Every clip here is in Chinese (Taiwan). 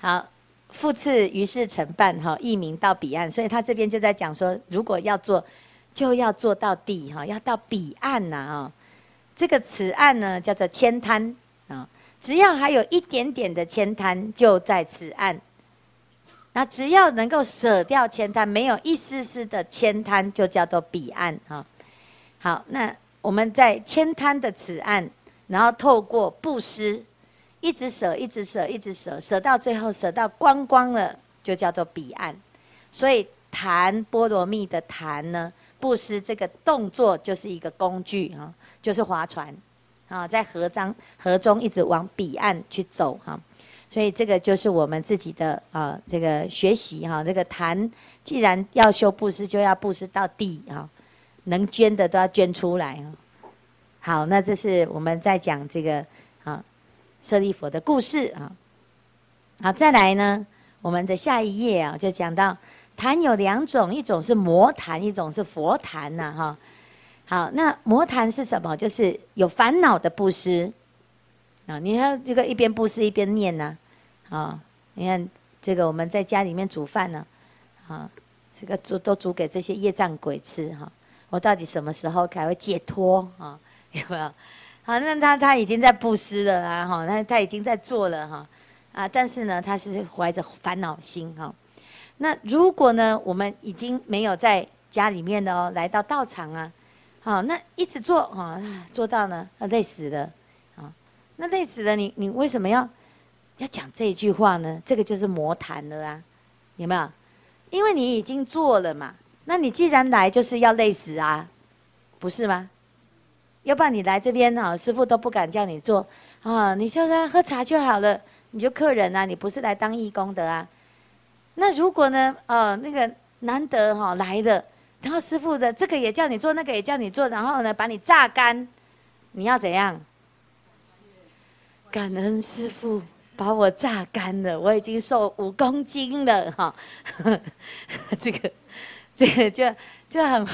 好，復次，於是成辦哈，意、哦、名到彼岸，所以他這邊就在講說，如果要做，就要做到底哈、哦，要到彼岸吶、啊、哈、哦。這個此岸呢，叫做慳貪啊、哦，只要還有一點點的慳貪，就在此岸。那只要能夠捨掉慳貪，沒有一絲絲的慳貪，就叫做彼岸哈、哦。好，那我們在慳貪的此岸，然後透過布施。一直捨，一直捨，一直捨，捨到最後，捨到光光了，就叫做彼岸。所以檀，檀波羅蜜的檀呢，布施這個動作就是一個工具啊，就是划船啊，在河張河中一直往彼岸去走哈。所以，這個就是我們自己的啊，這個學習哈，這個檀既然要修布施，就要布施到底啊，能捐的都要捐出來啊。好，那這是我們在講這個。捨利佛的故事啊，好，再來呢，我們的下一頁啊、哦，就講到檀有兩種，一種是魔檀，一種是佛檀、啊。吶，哈。好，那魔檀是什麼？就是有煩惱的布施啊、哦。你看這個一邊布施一邊念吶，啊、哦，你看這個我們在家裡面煮飯呢、啊，啊、哦，這個煮都煮給這些業障鬼吃哈、哦。我到底什麼時候才會解脫啊、哦？有沒有？好，那他他已經在布施了啦，哈，他他已經在做了哈、啊，啊，但是呢，他是懷着煩惱心哈、啊。那如果呢，我們已經沒有在家裡面的哦、喔，來到道場啊，好，那一直做啊，做到呢，累死了，啊，那累死了，你你為什麼要要講這句話呢？這個就是魔檀了啊，有沒有？因為你已經做了嘛，那你既然來就是要累死啊，不是嗎？要不然你來這邊哈、哦，師父都不敢叫你做啊、哦！你叫他喝茶就好了。你就客人啊，你不是來當義工的啊？那如果呢，呃、哦，那個難得哈、哦、來的，然後師父的這個也叫你做，那個也叫你做，然後呢，把你榨乾，你要怎樣？感恩師父把我榨乾了，我已經瘦五公斤了哈、哦。這個，這個就就很。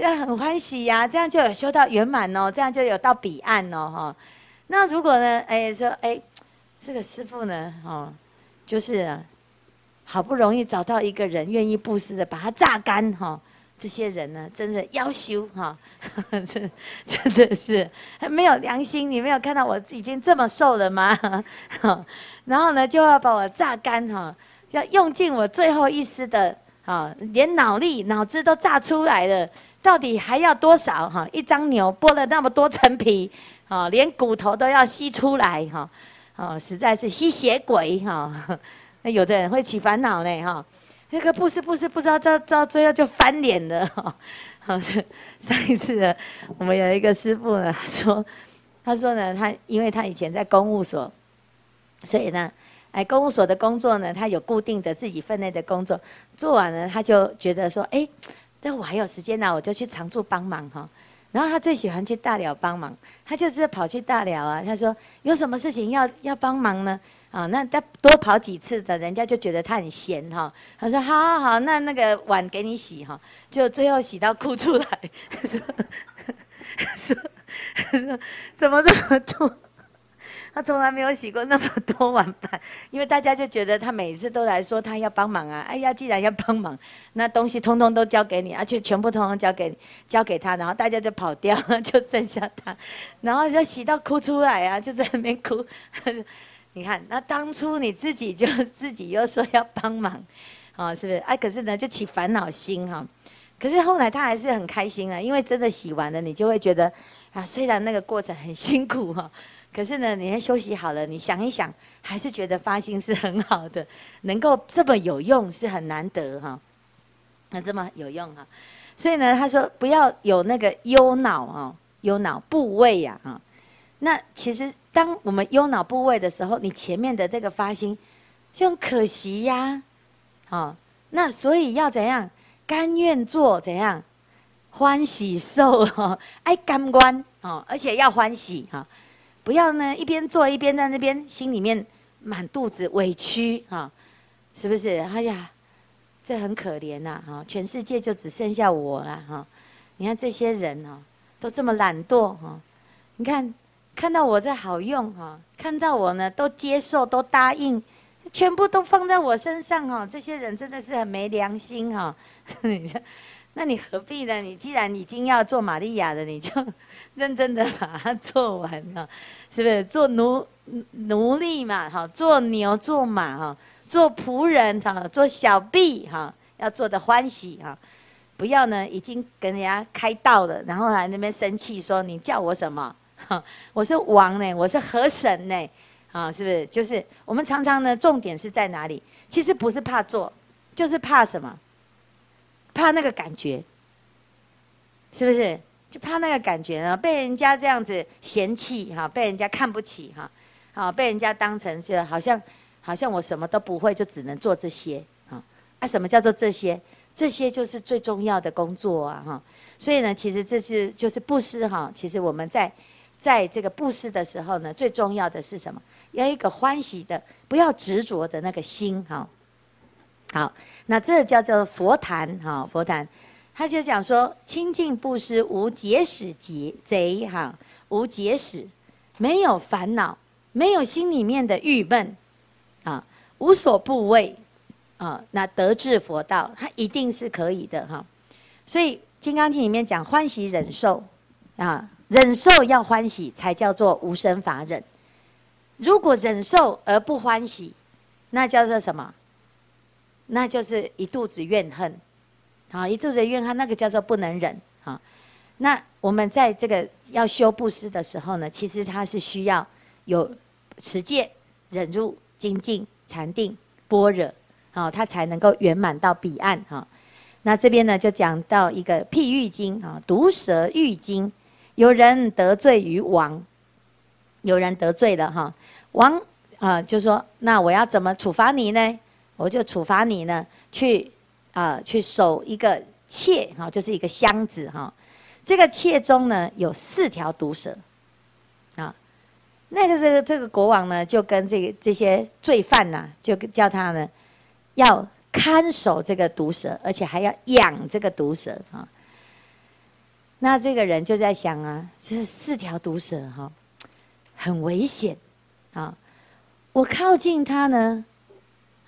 這樣很歡喜呀、啊，這樣就有修到圓滿哦，這樣就有到彼岸哦，哈。那如果呢，哎、欸，說哎、欸，這個師父呢，哦、喔，就是、啊、好不容易找到一個人願意布施的把他，把它榨乾哈。這些人呢，真的要修哈，真的真的是還沒有良心。你沒有看到我已經這麼瘦了嗎？哈、喔，然後呢，就要把我榨乾哈、喔，要用盡我最後一絲的啊、喔，連腦力、腦汁都榨出來了。到底還要多少哈？一張牛剝了那麼多層皮，哦，連骨頭都要吸出來哈，哦，實在是吸血鬼哈。那有的人會起煩惱呢哈，那個不是不是不知道到到最後就翻臉了哈。上一次呢，我們有一個師父呢，說他說呢，他因為他以前在公務所，所以呢，哎，公務所的工作呢，他有固定的自己份內的工作，做完了他就覺得說，哎、欸。但我還有時間呢、啊，我就去常住幫忙哈、喔。然後他最喜歡去大寮幫忙，他就是跑去大寮啊。他說有什麼事情要要幫忙呢？啊、喔，那他多跑幾次的，人家就覺得他很閒哈、喔。他說：好好好，那那個碗給你洗哈、喔，就最後洗到哭出來。他說 他說，怎麼這麼多？他從、啊、來沒有洗過那麼多碗盤，因為大家就覺得他每次都來說他要幫忙啊！哎呀，既然要幫忙，那東西通通都交給你，而、啊、且全部通通交給交給他，然後大家就跑掉，就剩下他，然後就洗到哭出來啊，就在那邊哭呵呵。你看，那當初你自己就自己又說要幫忙，啊、喔，是不是？哎、啊，可是呢，就起煩惱心哈、喔。可是後來他還是很開心啊，因為真的洗完了，你就會覺得啊，雖然那個過程很辛苦哈、喔。可是呢，你休息好了，你想一想，還是覺得發心是很好的，能夠這麼有用是很難得哈。那、哦、這麼有用哈、哦，所以呢，他說不要有那個憂惱哦，憂惱部位呀啊、哦。那其實當我們憂惱部位的時候，你前面的這個發心就很可惜呀、啊。好、哦，那所以要怎樣？甘願做怎樣？歡喜受，愛、哦、感官哦，而且要歡喜哈。哦不要呢，一邊坐一邊在那邊，心裡面滿肚子委屈啊、哦，是不是？哎呀，這很可憐吶哈，全世界就只剩下我了哈、哦！你看這些人哦，都這麼懶惰哈、哦！你看看到我這好用哈、哦，看到我呢都接受都答應，全部都放在我身上哦！這些人真的是很沒良心哈、哦。你那你何必呢？你既然已經要做瑪利亞的，你就認真的把它做完了，是不是？做奴奴隸嘛，哈，做牛做馬哈，做僕人哈，做小婢哈，要做得歡喜哈，不要呢，已經跟人家開道了，然後還那邊生氣說你叫我什麼？我是王呢、欸，我是河神呢，啊，是不是？就是我們常常呢，重點是在哪裡？其實不是怕做，就是怕什麼？怕那個感覺，是不是？就怕那個感覺呢、喔？被人家這樣子嫌棄哈、喔，被人家看不起哈，好、喔喔、被人家當成是好像，好像我什麼都不會，就只能做這些啊、喔？啊，什麼叫做這些？這些就是最重要的工作啊！哈、喔，所以呢，其實這是就是布施哈。其實我們在在這個布施的時候呢，最重要的是什麼？要一個歡喜的，不要執着的那個心哈。喔好，那這叫做佛檀哈、哦，佛檀，他就講說：清淨布施無結使賊賊哈，無結使、啊，沒有煩惱，沒有心裡面的鬱悶，啊，無所怖畏，啊，那得智佛道，他一定是可以的哈、啊。所以《金剛經》裡面講歡喜忍受啊，忍受要歡喜才叫做無生法忍，如果忍受而不歡喜，那叫做什麼？那就是一肚子怨恨，啊，一肚子怨恨，那個叫做不能忍啊。那我們在這個要修布施的時候呢，其實它是需要有持戒、忍辱、精進、禪定、般若，啊，它才能夠圓滿到彼岸啊。那這邊呢，就講到一個譬喻經啊，毒蛇喻經，有人得罪於王，有人得罪了哈，王啊就說：那我要怎麼處罰你呢？我就處罰你呢，去啊、呃，去守一個篋。哈、哦，就是一個箱子哈、哦。這個篋中呢有四條毒蛇啊、哦。那個這個這個國王呢，就跟這個這些罪犯吶、啊，就叫他呢要看守這個毒蛇，而且還要養這個毒蛇啊、哦。那這個人就在想啊，這、就是、四條毒蛇哈、哦，很危險啊、哦，我靠近他呢，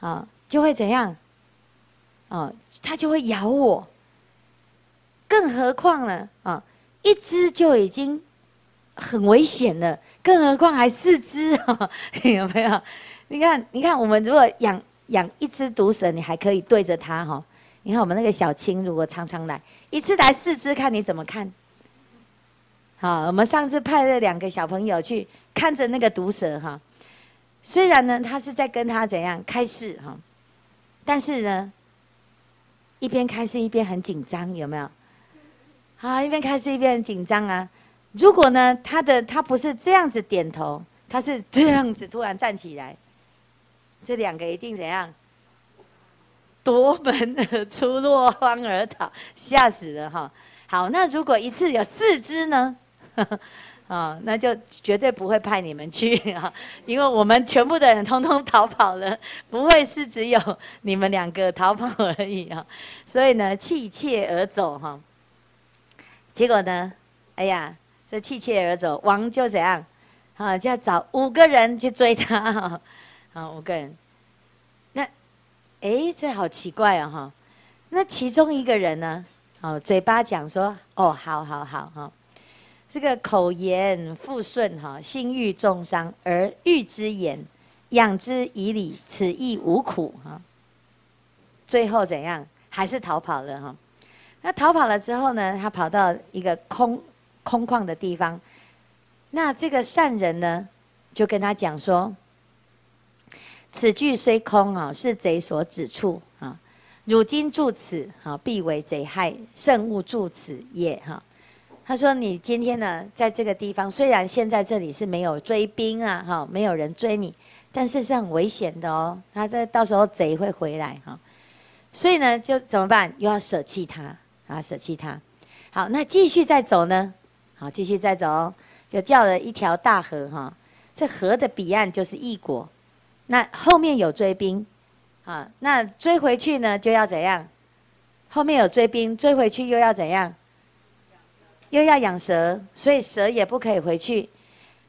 啊、哦。就會怎樣？哦，它就會咬我。更何況呢？啊、哦，一只就已經很危險了，更何況還四只哈，有沒有？你看，你看，我們如果養養一只毒蛇，你還可以對着它哈。你看我們那個小青，如果常常來一次來四只，看你怎麼看？好，我們上次派了兩個小朋友去看着那個毒蛇哈、哦。雖然呢，他是在跟他怎樣開示哈。哦但是呢，一邊開始一邊很緊張，有沒有？好，一邊開始一邊很緊張啊！如果呢，他的他不是這樣子點頭，他是這樣子突然站起來，這兩個一定怎樣奪門而出，落荒而逃，嚇死了哈！好，那如果一次有四隻呢？啊、哦，那就絕對不會派你們去啊、哦，因為我們全部的人通通逃跑了，不會是只有你們兩個逃跑而已啊、哦，所以呢，棄篋而走哈、哦。結果呢，哎呀，這棄篋而走，王就怎樣，啊、哦，就要找五個人去追他啊、哦，五個人，那，哎、欸，這好奇怪哦。哈、哦，那其中一個人呢，哦，嘴巴講說，哦，好好好哈。哦這個口言復順哈，心欲重傷而欲之言，養之以禮，此亦無苦哈。最後怎樣？還是逃跑了哈。那逃跑了之後呢？他跑到一個空空曠的地方。那這個善人呢，就跟他講說：“此句雖空啊，是賊所指處啊。汝今住此啊，必為賊害，慎勿住此也哈。”他說：“你今天呢，在這個地方，雖然現在這裡是沒有追兵啊，哈，沒有人追你，但是是很危險的哦。他這到時候賊會回來哈，所以呢，就怎麼辦？又要舍棄他啊，捨棄他。好，那繼續再走呢？好，繼續再走哦。就叫了一條大河哈，這河的彼岸就是異國。那後面有追兵啊，那追回去呢就要怎樣？後面有追兵，追回去又要怎樣？”又要養蛇，所以蛇也不可以回去。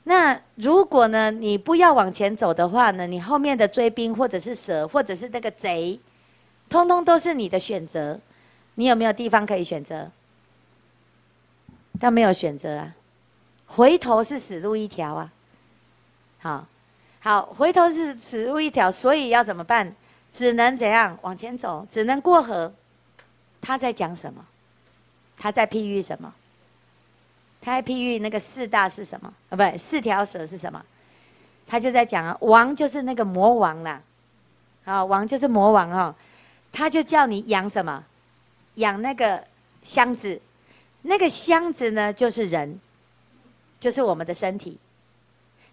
那如果呢，你不要往前走的話呢，你後面的追兵，或者是蛇，或者是那個賊，通通都是你的選擇。你有沒有地方可以選擇？但沒有選擇啊，回頭是死路一條啊。好，好，回頭是死路一條，所以要怎麼辦？只能怎樣往前走？只能過河。他在講什麼？他在譬喻什麼？他譬喻那個四大是什麼？啊，不四條蛇是什麼？他就在講啊，王就是那個魔王啦，啊，王就是魔王哦，他就叫你養什麼？養那個箱子，那個箱子呢就是人，就是我們的身體，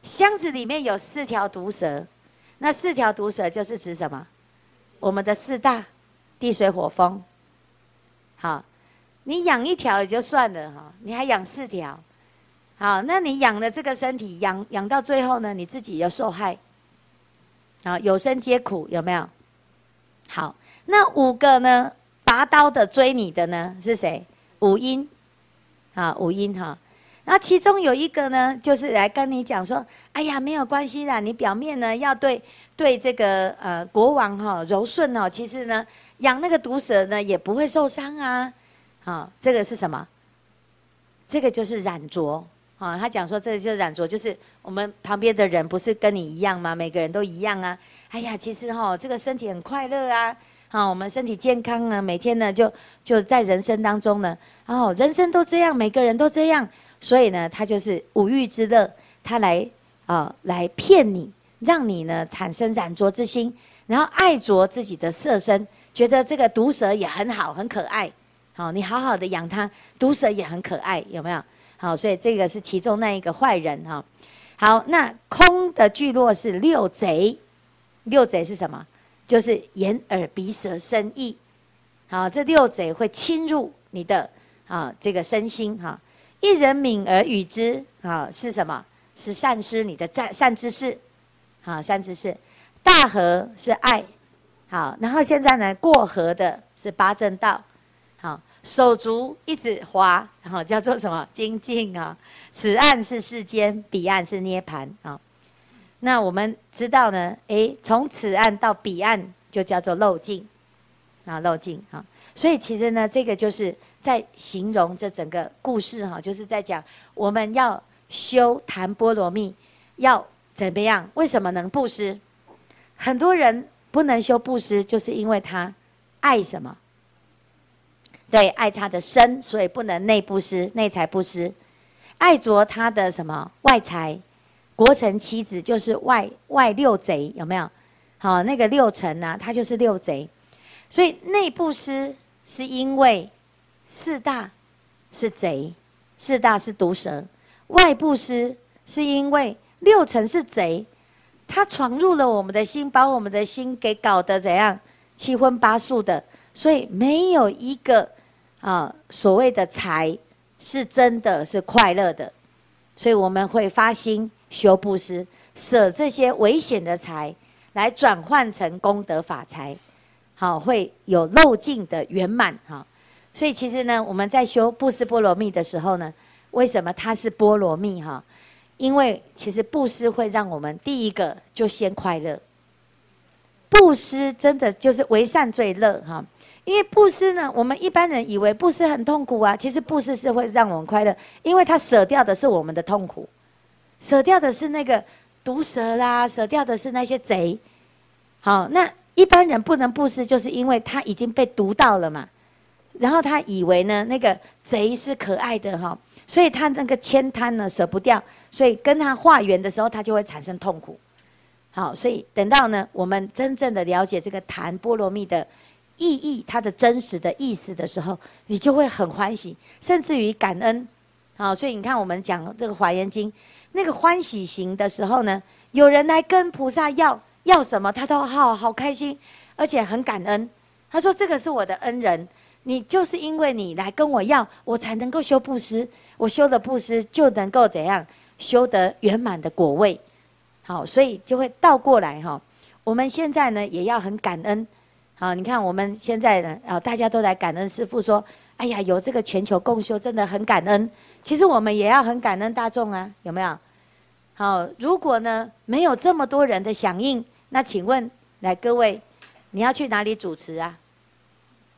箱子裡面有四條毒蛇，那四條毒蛇就是指什麼？我們的四大，地水火風。好。你養一條也就算了哈，你還養四條，好，那你養的這個身體養養到最後呢，你自己又受害，啊，有生皆苦，有沒有？好，那五個呢，拔刀的追你的呢是誰？五陰啊，五陰哈，那其中有一個呢，就是來跟你講說，哎呀，沒有關係啦。你表面呢要對對這個呃國王哈、哦、柔順哦，其實呢養那個毒蛇呢也不會受傷啊。啊、哦，這個是什麼？這個就是染著啊、哦！他講說，這個就是染著，就是我們旁邊的人不是跟你一樣嗎？每個人都一樣啊！哎呀，其實哈、哦，這個身體很快樂啊！啊、哦，我們身體健康啊，每天呢，就就在人生當中呢，哦，人生都這樣，每個人都這樣，所以呢，他就是五欲之樂，他來啊、呃，來騙你，讓你呢產生染著之心，然後愛着自己的色身，覺得這個毒蛇也很好，很可愛。哦，你好好的養它，毒蛇也很可愛，有沒有？好，所以這個是其中那一個壞人哈。好，那空的聚落是六賊，六賊是什麼？就是眼、耳、鼻、舌、身、意。好，這六賊會侵入你的啊這個身心哈。一人敏而與之啊，是什麼？是善施你的善善知識。好，善知識，大河是愛。好，然後現在呢，過河的是八正道。好，手足一直滑，好叫做什麼精進啊？此岸是世間，彼岸是涅槃啊。那我們知道呢，誒、欸，從此岸到彼岸就叫做漏盡啊，漏盡啊。所以其實呢，這個就是在形容這整個故事哈，就是在講我們要修檀波羅蜜，要怎麼樣？為什麼能布施？很多人不能修布施，就是因為他愛什麼？對，愛他的身，所以不能內不施，內財不施；愛着他的什麼外財、國城妻子，就是外外六賊，有沒有？好，那個六塵吶、啊，他就是六賊。所以內不施是因為四大是賊，四大是毒蛇；外不施是因為六塵是賊，他闖入了我們的心，把我們的心給搞得怎樣，七葷八素的，所以沒有一個。啊，所謂的財是真的是快樂的，所以我們會發心修布施，捨這些危險的財，來轉換成功德法財，好，會有漏盡的圓滿哈。所以其實呢，我們在修布施波羅蜜的時候呢，為什麼它是波羅蜜哈？因為其實布施會讓我們第一個就先快樂，布施真的就是為善最樂哈。因為布施呢，我們一般人以為布施很痛苦啊，其實布施是會讓我們快樂，因為它舍掉的是我們的痛苦，舍掉的是那個毒蛇啦，舍掉的是那些賊。好，那一般人不能布施，就是因為他已經被毒到了嘛。然後他以為呢，那個賊是可愛的哈、哦，所以他那個慳貪呢舍不掉，所以跟他化緣的時候，他就會產生痛苦。好，所以等到呢，我們真正的了解這個檀波羅蜜的意義，它的真實的意思的時候，你就會很歡喜，甚至於感恩。好，所以你看，我們講這個《華嚴經》，那個歡喜行的時候呢，有人來跟菩薩要要什麼，他都好好開心，而且很感恩。他說：“這個是我的恩人，你就是因為你來跟我要，我才能夠修布施。我修了布施，就能夠怎樣修得圓滿的果位。”好，所以就會倒過來哈。我們現在呢，也要很感恩。啊！你看我們現在呢，啊，大家都來感恩師父，說，哎呀，有這個全球共修，真的很感恩。其實我們也要很感恩大眾啊，有沒有？好，如果呢沒有這麼多人的響應，那請問，來各位，你要去哪裡主持啊？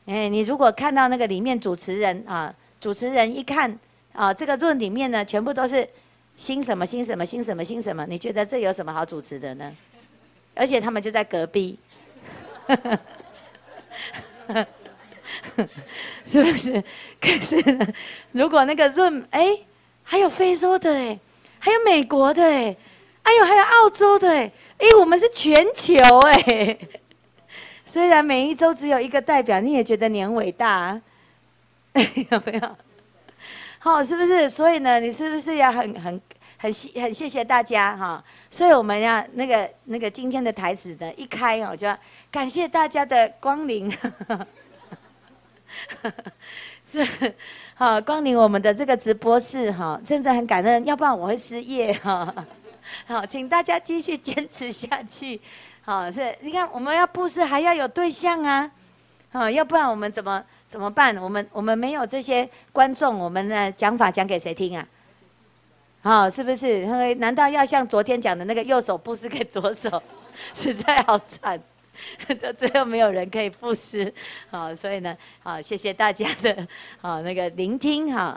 哎、欸，你如果看到那個裡面主持人啊，主持人一看啊，這個論裡面呢全部都是新什麼新什麼新什麼新什麼，你覺得這有什麼好主持的呢？而且他們就在隔壁。 是不是？可是，如果那個潤哎、欸，還有非洲的、欸、還有美國的、欸、還有澳洲的哎、欸欸，我們是全球哎、欸。雖然每一周只有一個代表，你也覺得你很偉大、啊，有沒有？好、哦，是不是？所以呢，你是不是也很很？很謝很謝謝大家哈，所以我們要那個那個今天的台詞呢一開，我就要感謝大家的光臨，是好光臨我們的這個直播室哈，真的很感恩，要不然我會失業哈，好，請大家繼續堅持下去，好。是你看我們要布施還要有對象啊，啊，要不然我們怎麼怎麼辦？我們我們沒有這些觀眾，我們的講法講給誰聽啊？啊，是不是？因為難道要像昨天講的那個右手布施給左手，實在好慘，到最後沒有人可以布施。好，所以呢，好謝謝大家的，好那個聆聽哈。